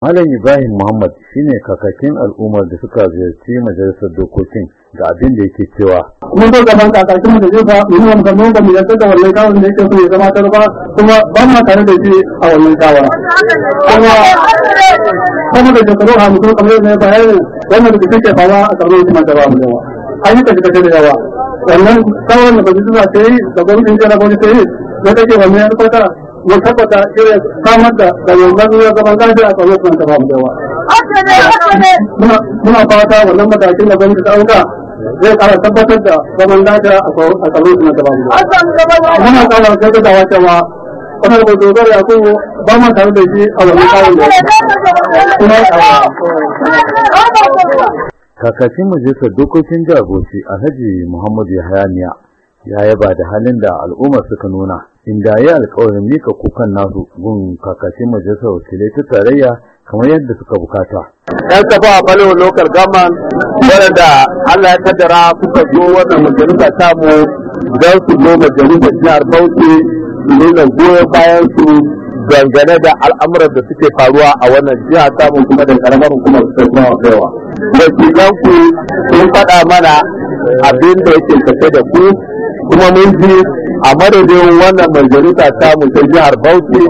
Malam Ibrahim Muhammad shine kakakin al'ummar da suka ziyarci majalisar dokokin ga abin da yake cewa. Mun zo gaban kakakin da zai ba mun yi musamman ga mai da wannan kawon da yake so ya ta ba kuma ba ma tare da shi a wannan kawon. Kuma da saboda shekaru hamsin kamar yadda ya bayani wannan da ke fama a tsaron kuma da ba mu yawa. An yi tafi da yawa. Wannan kawon da ba su zuwa ta yi da gwamnatin jihar gwamnati ta yi da take wannan ya farka ya tabbata ya samar da dalilan ruwa zaman lafiya a tsaro kan tafa mutuwa. Muna fata wannan matakin da gwamnati ta auka zai kara tabbatar da zaman lafiya a tsaro kan tafa mutuwa. Muna kara jaddadawa cewa wani da dogara ya kuma ba ma tare da shi a wani kawai da kuma Kakakin majalisar dokokin jagoci Alhaji Muhammadu Yahaya ya yaba da halin da al'ummar suka nuna inda ya alkawarin mika kukan nasu gun kakashin majalisar wakilai ta tarayya kamar yadda suka bukata. Yan safa a falewa lokal gaman wadanda Allah ya kaddara kuka zo wannan majalisa samu don su zo majalisar jihar Bauchi su nuna goyon bayan su dangane da al'amuran da suke faruwa a wannan jiha samun kuma da karamar hukumar su kuma kaiwa. Wakilan ku sun faɗa mana abin da yake tafe da ku kuma mun ji a madadin wannan majalisa ta mu ta jihar Bauchi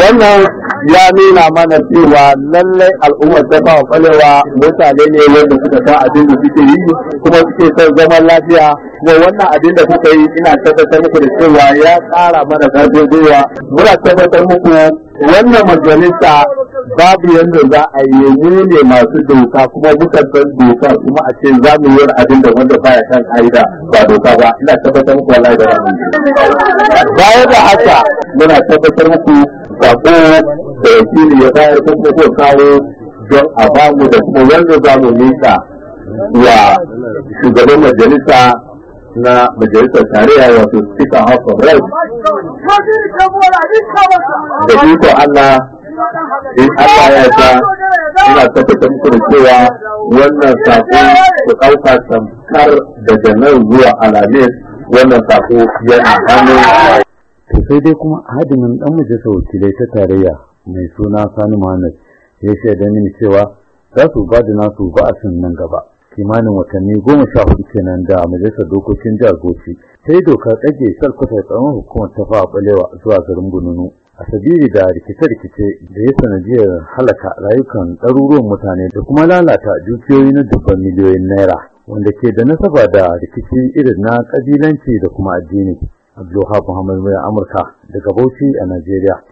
wannan ya nuna mana cewa lallai al'ummar ta ba falewa mutane ne wanda suka sa abin da suke yi kuma suke son zaman lafiya kuma wannan abin da suka yi ina tabbatar muku da cewa ya tsara mana karfin gwiwa muna tabbatar muku wannan majalisa babu yadda za a yi ne masu doka kuma muka doka kuma a ce za mu yi abin da wanda baya kan aida ba doka ba ina tabbatar muku wallahi da rami baya da haka muna tabbatar muku ko da ne ya bayar ko kuma kawo don a bamu da kuma wanda za mu nisa wa shugaban majalisa na majalisar tarayya wato speaker house of reps da iko Allah in Allah ya sa ina tabbata muku da cewa wannan sako ku ɗauka tamkar daga nan zuwa alamis wannan sako yana hannu to sai dai kuma hadimin ɗan majalisar wakilai ta tarayya mai suna sani muhammad ya shaida mini cewa za su ba da nasu ba'asin nan gaba kimanin watanni goma sha hudu kenan da majalisar dokokin jagoci. sai doka tsage salkwata tsaron hukumar ta fa balewa zuwa garin Bununu a sabili da rikice-rikice da ya sanadiyar halaka rayukan ɗaruruwan mutane da kuma lalata dukiyoyi na dubban miliyoyin naira wanda ke da nasaba da rikicin irin na ƙabilanci da kuma addini abdulhaf muhammad mai amurka daga bauchi a najeriya